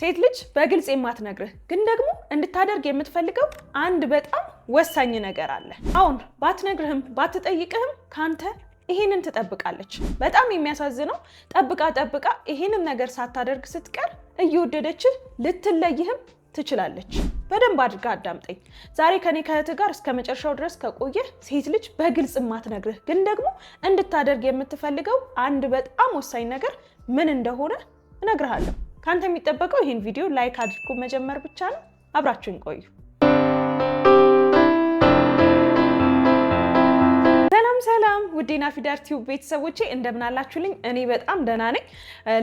ሴት ልጅ በግልጽ የማትነግርህ ግን ደግሞ እንድታደርግ የምትፈልገው አንድ በጣም ወሳኝ ነገር አለ። አሁን ባትነግርህም ባትጠይቅህም ካንተ ይሄንን ትጠብቃለች። በጣም የሚያሳዝነው ጠብቃ ጠብቃ ይሄንን ነገር ሳታደርግ ስትቀር እየወደደችህ ልትለይህም ትችላለች። በደንብ አድርጋ አዳምጠኝ። ዛሬ ከኔ ከእህትህ ጋር እስከ መጨረሻው ድረስ ከቆየህ ሴት ልጅ በግልጽ የማትነግርህ ግን ደግሞ እንድታደርግ የምትፈልገው አንድ በጣም ወሳኝ ነገር ምን እንደሆነ እነግርሃለሁ። ከአንተ የሚጠበቀው ይህን ቪዲዮ ላይክ አድርጎ መጀመር ብቻ ነው። አብራችሁን ቆዩ። ሰላም ሰላም ውዴ ናፊዳር ቲዩብ ቤተሰቦቼ እንደምናላችሁልኝ፣ እኔ በጣም ደህና ነኝ።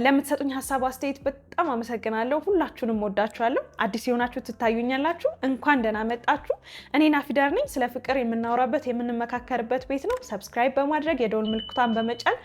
ለምትሰጡኝ ሀሳብ አስተያየት በጣም አመሰግናለሁ። ሁላችሁንም ወዳችኋለሁ። አዲስ የሆናችሁ ትታዩኛላችሁ፣ እንኳን ደህና መጣችሁ። እኔ ናፊዳር ነኝ። ስለ ፍቅር የምናወራበት የምንመካከርበት ቤት ነው። ሰብስክራይብ በማድረግ የደወል ምልክቷን በመጫን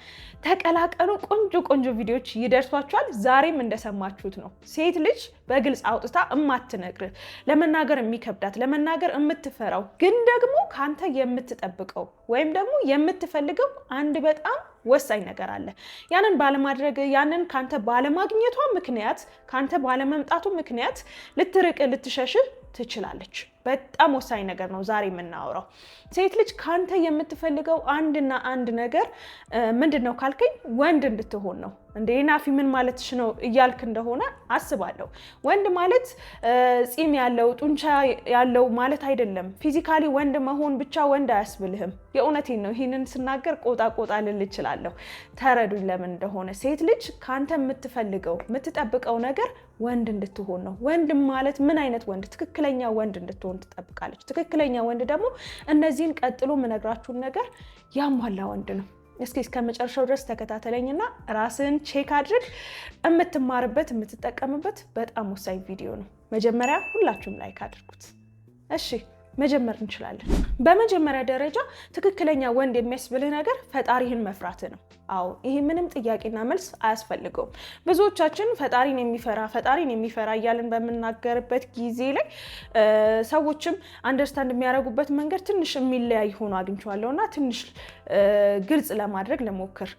ተቀላቀሉ። ቆንጆ ቆንጆ ቪዲዮዎች ይደርሷችኋል። ዛሬም እንደሰማችሁት ነው ሴት ልጅ በግልጽ አውጥታ እማትነግር ለመናገር የሚከብዳት ለመናገር የምትፈራው ግን ደግሞ ከአንተ የምትጠብቀው ወይም ደግሞ የምትፈልገው አንድ በጣም ወሳኝ ነገር አለ። ያንን ባለማድረግ ያንን ካንተ ባለማግኘቷ ምክንያት ካንተ ባለመምጣቱ ምክንያት ልትርቅ ልትሸሽህ ትችላለች። በጣም ወሳኝ ነገር ነው ዛሬ የምናወራው። ሴት ልጅ ካንተ የምትፈልገው አንድና አንድ ነገር ምንድን ነው ካልከኝ ወንድ እንድትሆን ነው። እንዴ ናፊ ምን ማለትሽ ነው እያልክ እንደሆነ አስባለሁ። ወንድ ማለት ፂም ያለው ጡንቻ ያለው ማለት አይደለም። ፊዚካሊ ወንድ መሆን ብቻ ወንድ አያስብልህም። የእውነቴን ነው። ይህንን ስናገር ቆጣ ቆጣ ልል እችላለሁ። ተረዱኝ ለምን እንደሆነ። ሴት ልጅ ከአንተ የምትፈልገው የምትጠብቀው ነገር ወንድ እንድትሆን ነው። ወንድ ማለት ምን አይነት ወንድ? ትክክለኛ ወንድ እንድትሆን ወንድ ትጠብቃለች። ትክክለኛ ወንድ ደግሞ እነዚህን ቀጥሎ የምነግራችሁን ነገር ያሟላ ወንድ ነው። እስኪ እስከ መጨረሻው ድረስ ተከታተለኝና ራስን ቼክ አድርግ። የምትማርበት የምትጠቀምበት በጣም ወሳኝ ቪዲዮ ነው። መጀመሪያ ሁላችሁም ላይክ አድርጉት እሺ። መጀመር እንችላለን። በመጀመሪያ ደረጃ ትክክለኛ ወንድ የሚያስብልህ ነገር ፈጣሪህን መፍራት ነው። አዎ ይሄ ምንም ጥያቄና መልስ አያስፈልገውም። ብዙዎቻችን ፈጣሪን የሚፈራ ፈጣሪን የሚፈራ እያልን በምናገርበት ጊዜ ላይ ሰዎችም አንደርስታንድ የሚያደርጉበት መንገድ ትንሽ የሚለያይ ሆኖ አግኝቼዋለሁ እና ትንሽ ግልጽ ለማድረግ ልሞክር።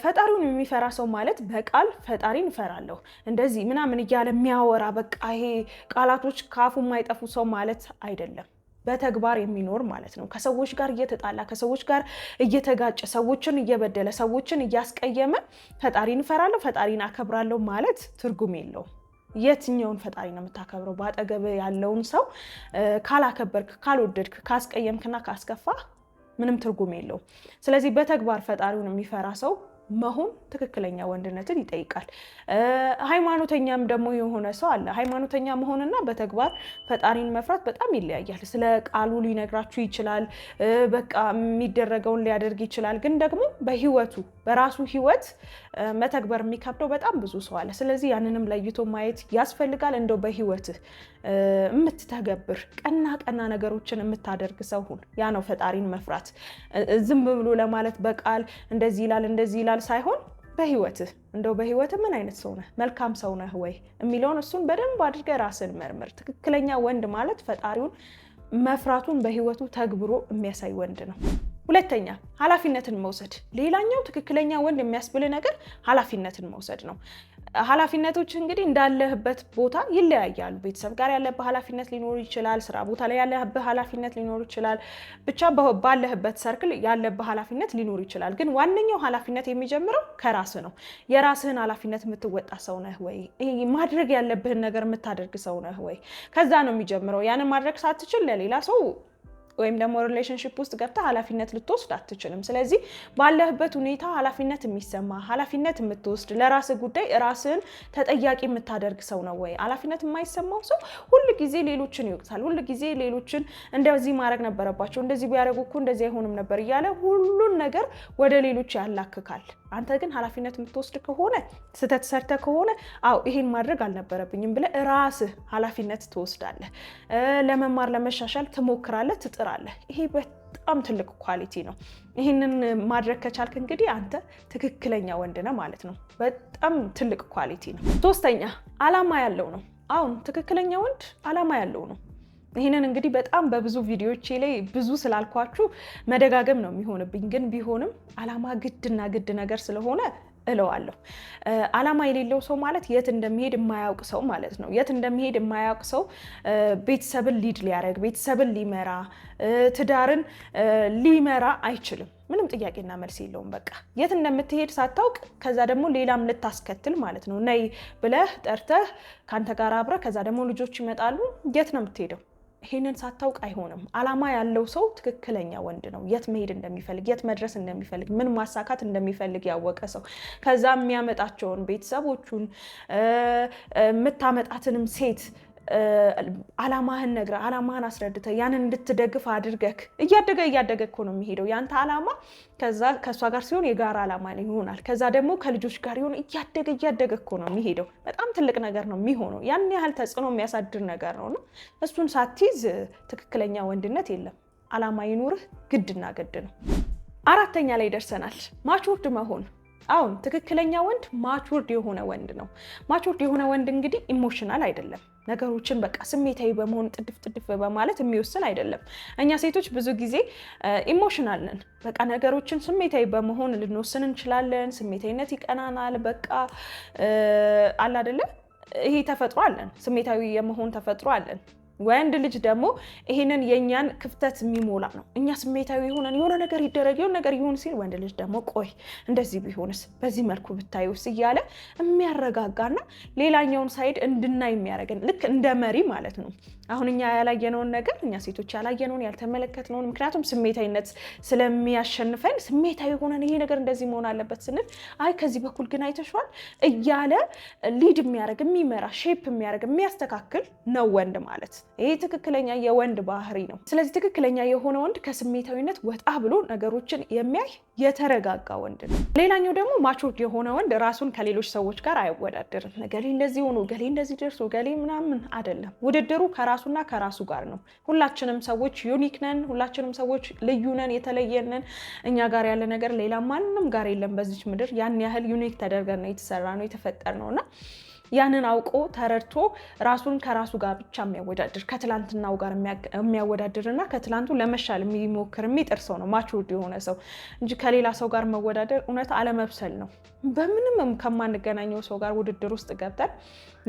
ፈጣሪውን የሚፈራ ሰው ማለት በቃል ፈጣሪን እፈራለሁ እንደዚህ ምናምን እያለ የሚያወራ በቃ ይሄ ቃላቶች ከአፉ የማይጠፉ ሰው ማለት አይደለም። በተግባር የሚኖር ማለት ነው። ከሰዎች ጋር እየተጣላ ከሰዎች ጋር እየተጋጨ ሰዎችን እየበደለ ሰዎችን እያስቀየመ ፈጣሪን እፈራለሁ፣ ፈጣሪን አከብራለሁ ማለት ትርጉም የለው የትኛውን ፈጣሪ ነው የምታከብረው? በአጠገብ ያለውን ሰው ካላከበርክ፣ ካልወደድክ፣ ካስቀየምክና ካስከፋ ምንም ትርጉም የለው ስለዚህ በተግባር ፈጣሪውን የሚፈራ ሰው መሆን ትክክለኛ ወንድነትን ይጠይቃል። ሃይማኖተኛም ደግሞ የሆነ ሰው አለ። ሃይማኖተኛ መሆንና በተግባር ፈጣሪን መፍራት በጣም ይለያያል። ስለ ቃሉ ሊነግራችሁ ይችላል፣ በቃ የሚደረገውን ሊያደርግ ይችላል። ግን ደግሞ በህይወቱ በራሱ ህይወት መተግበር የሚከብደው በጣም ብዙ ሰው አለ። ስለዚህ ያንንም ለይቶ ማየት ያስፈልጋል። እንደው በህይወት የምትተገብር ቀና ቀና ነገሮችን የምታደርግ ሰው ሁን። ያ ነው ፈጣሪን መፍራት። ዝም ብሎ ለማለት በቃል እንደዚህ ይላል እንደዚህ ይላል ሳይሆን በህይወትህ እንደው በህይወትህ ምን አይነት ሰው ነህ፣ መልካም ሰው ነህ ወይ የሚለውን እሱን በደንብ አድርገህ ራስን መርምር። ትክክለኛ ወንድ ማለት ፈጣሪውን መፍራቱን በህይወቱ ተግብሮ የሚያሳይ ወንድ ነው። ሁለተኛ ኃላፊነትን መውሰድ። ሌላኛው ትክክለኛ ወንድ የሚያስብል ነገር ኃላፊነትን መውሰድ ነው። ኃላፊነቶች እንግዲህ እንዳለህበት ቦታ ይለያያሉ። ቤተሰብ ጋር ያለብህ ኃላፊነት ሊኖር ይችላል። ስራ ቦታ ላይ ያለብህ ኃላፊነት ሊኖር ይችላል። ብቻ ባለህበት ሰርክል ያለብህ ኃላፊነት ሊኖር ይችላል። ግን ዋነኛው ኃላፊነት የሚጀምረው ከራስ ነው። የራስህን ኃላፊነት የምትወጣ ሰው ነህ ወይ? ማድረግ ያለብህን ነገር የምታደርግ ሰው ነህ ወይ? ከዛ ነው የሚጀምረው። ያንን ማድረግ ሳትችል ለሌላ ሰው ወይም ደግሞ ሪሌሽንሽፕ ውስጥ ገብታ ኃላፊነት ልትወስድ አትችልም። ስለዚህ ባለህበት ሁኔታ ኃላፊነት የሚሰማ ኃላፊነት የምትወስድ ለራስ ጉዳይ ራስን ተጠያቂ የምታደርግ ሰው ነው ወይ? ኃላፊነት የማይሰማው ሰው ሁል ጊዜ ሌሎችን ይወቅሳል። ሁል ጊዜ ሌሎችን እንደዚህ ማድረግ ነበረባቸው፣ እንደዚህ ቢያደርጉ እኮ እንደዚህ አይሆንም ነበር እያለ ሁሉን ነገር ወደ ሌሎች ያላክካል። አንተ ግን ኃላፊነት የምትወስድ ከሆነ ስህተት ሰርተ ከሆነ አው ይሄን ማድረግ አልነበረብኝም ብለህ ራስህ ኃላፊነት ትወስዳለህ። ለመማር ለመሻሻል ትሞክራለህ፣ ትጥራለህ ትሰራለህ። ይሄ በጣም ትልቅ ኳሊቲ ነው። ይህንን ማድረግ ከቻልክ እንግዲህ አንተ ትክክለኛ ወንድ ነህ ማለት ነው። በጣም ትልቅ ኳሊቲ ነው። ሶስተኛ አላማ ያለው ነው። አሁን ትክክለኛ ወንድ አላማ ያለው ነው። ይህንን እንግዲህ በጣም በብዙ ቪዲዮቼ ላይ ብዙ ስላልኳችሁ መደጋገም ነው የሚሆንብኝ። ግን ቢሆንም አላማ ግድና ግድ ነገር ስለሆነ እለዋለሁ። አላማ የሌለው ሰው ማለት የት እንደሚሄድ የማያውቅ ሰው ማለት ነው። የት እንደሚሄድ የማያውቅ ሰው ቤተሰብን ሊድ ሊያደርግ፣ ቤተሰብን ሊመራ፣ ትዳርን ሊመራ አይችልም። ምንም ጥያቄና መልስ የለውም። በቃ የት እንደምትሄድ ሳታውቅ ከዛ ደግሞ ሌላም ልታስከትል ማለት ነው። ነይ ብለህ ጠርተህ ከአንተ ጋር አብረህ ከዛ ደግሞ ልጆች ይመጣሉ። የት ነው የምትሄደው? ይሄንን ሳታውቅ አይሆንም። አላማ ያለው ሰው ትክክለኛ ወንድ ነው። የት መሄድ እንደሚፈልግ፣ የት መድረስ እንደሚፈልግ፣ ምን ማሳካት እንደሚፈልግ ያወቀ ሰው ከዛ የሚያመጣቸውን ቤተሰቦቹን የምታመጣትንም ሴት አላማህን ነግረ አላማህን አስረድተ ያንን እንድትደግፍ አድርገክ እያደገ እያደገ እኮ ነው የሚሄደው ያንተ አላማ። ከዛ ከእሷ ጋር ሲሆን የጋራ አላማ ይሆናል። ከዛ ደግሞ ከልጆች ጋር ይሆን እያደገ እያደገ እኮ ነው የሚሄደው። በጣም ትልቅ ነገር ነው የሚሆነው። ያን ያህል ተጽዕኖ የሚያሳድር ነገር ነው እሱን ሳትይዝ ትክክለኛ ወንድነት የለም። አላማ ይኑርህ፣ ግድና ግድ ነው። አራተኛ ላይ ደርሰናል፣ ማቾርድ መሆን አሁን ትክክለኛ ወንድ ማቹርድ የሆነ ወንድ ነው። ማቹርድ የሆነ ወንድ እንግዲህ ኢሞሽናል አይደለም። ነገሮችን በቃ ስሜታዊ በመሆን ጥድፍ ጥድፍ በማለት የሚወስን አይደለም። እኛ ሴቶች ብዙ ጊዜ ኢሞሽናል ነን። በቃ ነገሮችን ስሜታዊ በመሆን ልንወስን እንችላለን። ስሜታዊነት ይቀናናል። በቃ አይደለም ይሄ ተፈጥሮ አለን። ስሜታዊ የመሆን ተፈጥሮ አለን። ወንድ ልጅ ደግሞ ይህንን የእኛን ክፍተት የሚሞላ ነው። እኛ ስሜታዊ የሆነን የሆነ ነገር ይደረግ የሆነ ነገር ይሁን ሲል ወንድ ልጅ ደግሞ ቆይ እንደዚህ ቢሆንስ፣ በዚህ መልኩ ብታዩስ እያለ የሚያረጋጋና ሌላኛውን ሳይድ እንድናይ የሚያደርገን ልክ እንደ መሪ ማለት ነው አሁን እኛ ያላየነውን ነገር እኛ ሴቶች ያላየነውን ያልተመለከትነውን፣ ምክንያቱም ስሜታዊነት ስለሚያሸንፈን ስሜታዊ ሆነን ይሄ ነገር እንደዚህ መሆን አለበት ስንል አይ ከዚህ በኩል ግን አይተሸዋል እያለ ሊድ የሚያደርግ የሚመራ ሼፕ የሚያደርግ የሚያስተካክል ነው ወንድ ማለት። ይሄ ትክክለኛ የወንድ ባህሪ ነው። ስለዚህ ትክክለኛ የሆነ ወንድ ከስሜታዊነት ወጣ ብሎ ነገሮችን የሚያይ የተረጋጋ ወንድ ነው። ሌላኛው ደግሞ ማቹርድ የሆነ ወንድ ራሱን ከሌሎች ሰዎች ጋር አይወዳደርም። ገሌ እንደዚህ ሆኖ ገሌ እንደዚህ ደርሶ ገሌ ምናምን አይደለም። ውድድሩ ከራሱና ከራሱ ጋር ነው። ሁላችንም ሰዎች ዩኒክ ነን። ሁላችንም ሰዎች ልዩ ነን፣ የተለየ እኛ ጋር ያለ ነገር ሌላ ማንም ጋር የለም። በዚች ምድር ያን ያህል ዩኒክ ተደርገን ነው የተሰራ ነው የተፈጠር ነው እና ያንን አውቆ ተረድቶ ራሱን ከራሱ ጋር ብቻ የሚያወዳድር ከትላንትናው ጋር የሚያወዳድር እና ከትላንቱ ለመሻል የሚሞክር የሚጥር ሰው ነው ማቹርድ የሆነ ሰው እንጂ ከሌላ ሰው ጋር መወዳደር እውነት አለመብሰል ነው። በምንም ከማንገናኘው ሰው ጋር ውድድር ውስጥ ገብተን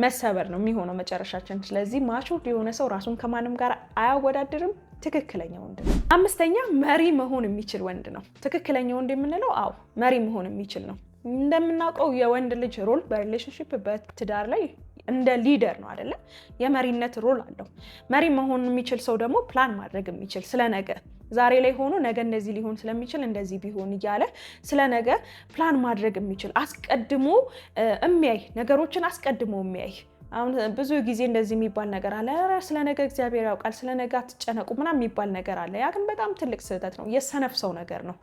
መሰበር ነው የሚሆነው መጨረሻችን። ስለዚህ ማቹርድ የሆነ ሰው ራሱን ከማንም ጋር አያወዳድርም። ትክክለኛ ወንድ ነው። አምስተኛ መሪ መሆን የሚችል ወንድ ነው። ትክክለኛ ወንድ የምንለው አዎ መሪ መሆን የሚችል ነው። እንደምናውቀው የወንድ ልጅ ሮል በሪሌሽንሽፕ በትዳር ላይ እንደ ሊደር ነው አይደለ? የመሪነት ሮል አለው። መሪ መሆን የሚችል ሰው ደግሞ ፕላን ማድረግ የሚችል ስለ ነገ ዛሬ ላይ ሆኖ ነገ እንደዚህ ሊሆን ስለሚችል እንደዚህ ቢሆን እያለ ስለ ነገ ፕላን ማድረግ የሚችል አስቀድሞ የሚያይ ነገሮችን አስቀድሞ የሚያይ አሁን ብዙ ጊዜ እንደዚህ የሚባል ነገር አለ። ኧረ ስለ ነገ እግዚአብሔር ያውቃል፣ ስለ ነገ አትጨነቁ ምናምን የሚባል ነገር አለ። ያ ግን በጣም ትልቅ ስህተት ነው። የሰነፍ ሰው ነገር ነው።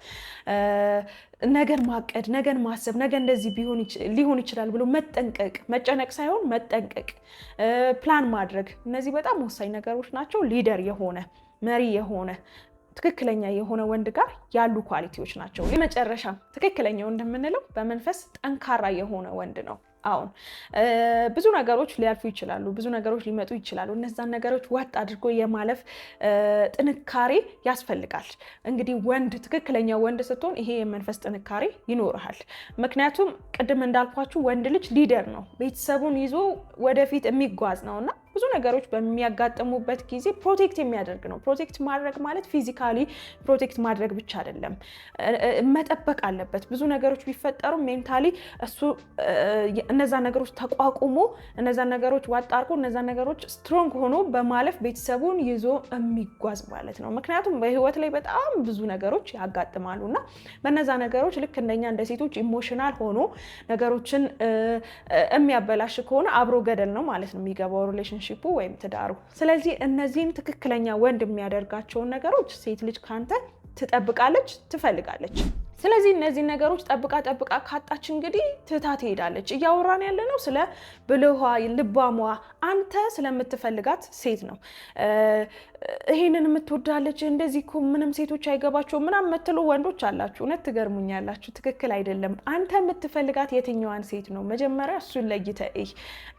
ነገን ማቀድ፣ ነገን ማሰብ፣ ነገ እንደዚህ ሊሆን ይችላል ብሎ መጠንቀቅ፣ መጨነቅ ሳይሆን መጠንቀቅ፣ ፕላን ማድረግ፣ እነዚህ በጣም ወሳኝ ነገሮች ናቸው። ሊደር የሆነ መሪ የሆነ ትክክለኛ የሆነ ወንድ ጋር ያሉ ኳሊቲዎች ናቸው። የመጨረሻ ትክክለኛ ወንድ የምንለው በመንፈስ ጠንካራ የሆነ ወንድ ነው። አሁን ብዙ ነገሮች ሊያልፉ ይችላሉ፣ ብዙ ነገሮች ሊመጡ ይችላሉ። እነዛን ነገሮች ወጥ አድርጎ የማለፍ ጥንካሬ ያስፈልጋል። እንግዲህ ወንድ ትክክለኛ ወንድ ስትሆን ይሄ የመንፈስ ጥንካሬ ይኖርሃል። ምክንያቱም ቅድም እንዳልኳችሁ ወንድ ልጅ ሊደር ነው፣ ቤተሰቡን ይዞ ወደፊት የሚጓዝ ነውና ብዙ ነገሮች በሚያጋጥሙበት ጊዜ ፕሮቴክት የሚያደርግ ነው። ፕሮቴክት ማድረግ ማለት ፊዚካሊ ፕሮቴክት ማድረግ ብቻ አይደለም፣ መጠበቅ አለበት። ብዙ ነገሮች ቢፈጠሩ ሜንታሊ እሱ እነዛ ነገሮች ተቋቁሞ እነዛ ነገሮች ዋጣርቆ እነዛ ነገሮች ስትሮንግ ሆኖ በማለፍ ቤተሰቡን ይዞ የሚጓዝ ማለት ነው። ምክንያቱም በህይወት ላይ በጣም ብዙ ነገሮች ያጋጥማሉ እና በነዛ ነገሮች ልክ እንደኛ እንደ ሴቶች ኢሞሽናል ሆኖ ነገሮችን የሚያበላሽ ከሆነ አብሮ ገደል ነው ማለት ነው የሚገባው ሪሌሽንሽፕ ሪሌሽንሽፑ ወይም ትዳሩ። ስለዚህ እነዚህን ትክክለኛ ወንድ የሚያደርጋቸውን ነገሮች ሴት ልጅ ካንተ ትጠብቃለች፣ ትፈልጋለች። ስለዚህ እነዚህ ነገሮች ጠብቃ ጠብቃ ካጣች እንግዲህ ትታ ትሄዳለች። እያወራን ያለ ነው ስለ ብልሃ ልባሟ፣ አንተ ስለምትፈልጋት ሴት ነው። ይሄንን የምትወዳለች እንደዚህ እኮ ምንም ሴቶች አይገባቸው ምናምን የምትሉ ወንዶች አላችሁ። እውነት ትገርሙኛላችሁ። ትክክል አይደለም። አንተ የምትፈልጋት የትኛዋን ሴት ነው? መጀመሪያ እሱን ለይተህ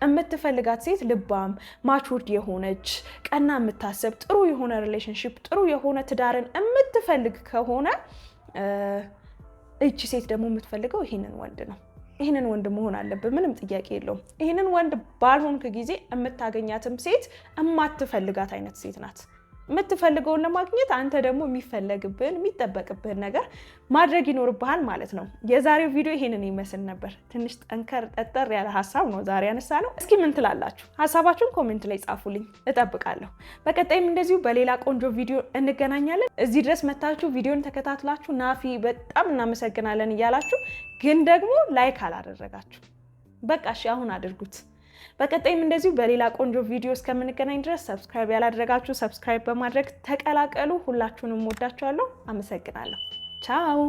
የምትፈልጋት ሴት ልባም፣ ማቹርድ የሆነች ቀና የምታሰብ ጥሩ የሆነ ሪሌሽንሽፕ ጥሩ የሆነ ትዳርን የምትፈልግ ከሆነ እቺ ሴት ደግሞ የምትፈልገው ይሄንን ወንድ ነው። ይህንን ወንድ መሆን አለብን፣ ምንም ጥያቄ የለውም። ይህንን ወንድ ባልሆንክ ጊዜ የምታገኛትም ሴት የማትፈልጋት አይነት ሴት ናት። የምትፈልገውን ለማግኘት አንተ ደግሞ የሚፈለግብህን የሚጠበቅብህን ነገር ማድረግ ይኖርብሃል ማለት ነው። የዛሬው ቪዲዮ ይሄንን ይመስል ነበር። ትንሽ ጠንከር ጠጠር ያለ ሀሳብ ነው ዛሬ ያነሳ ነው። እስኪ ምን ትላላችሁ? ሀሳባችሁን ኮሜንት ላይ ጻፉልኝ፣ እጠብቃለሁ። በቀጣይም እንደዚሁ በሌላ ቆንጆ ቪዲዮ እንገናኛለን። እዚህ ድረስ መታችሁ ቪዲዮን ተከታትላችሁ ናፊ በጣም እናመሰግናለን እያላችሁ ግን ደግሞ ላይክ አላደረጋችሁ፣ በቃ እሺ አሁን አድርጉት። በቀጣይም እንደዚሁ በሌላ ቆንጆ ቪዲዮ እስከምንገናኝ ድረስ ሰብስክራይብ ያላደረጋችሁ ሰብስክራይብ በማድረግ ተቀላቀሉ። ሁላችሁንም ወዳችኋለሁ። አመሰግናለሁ። ቻው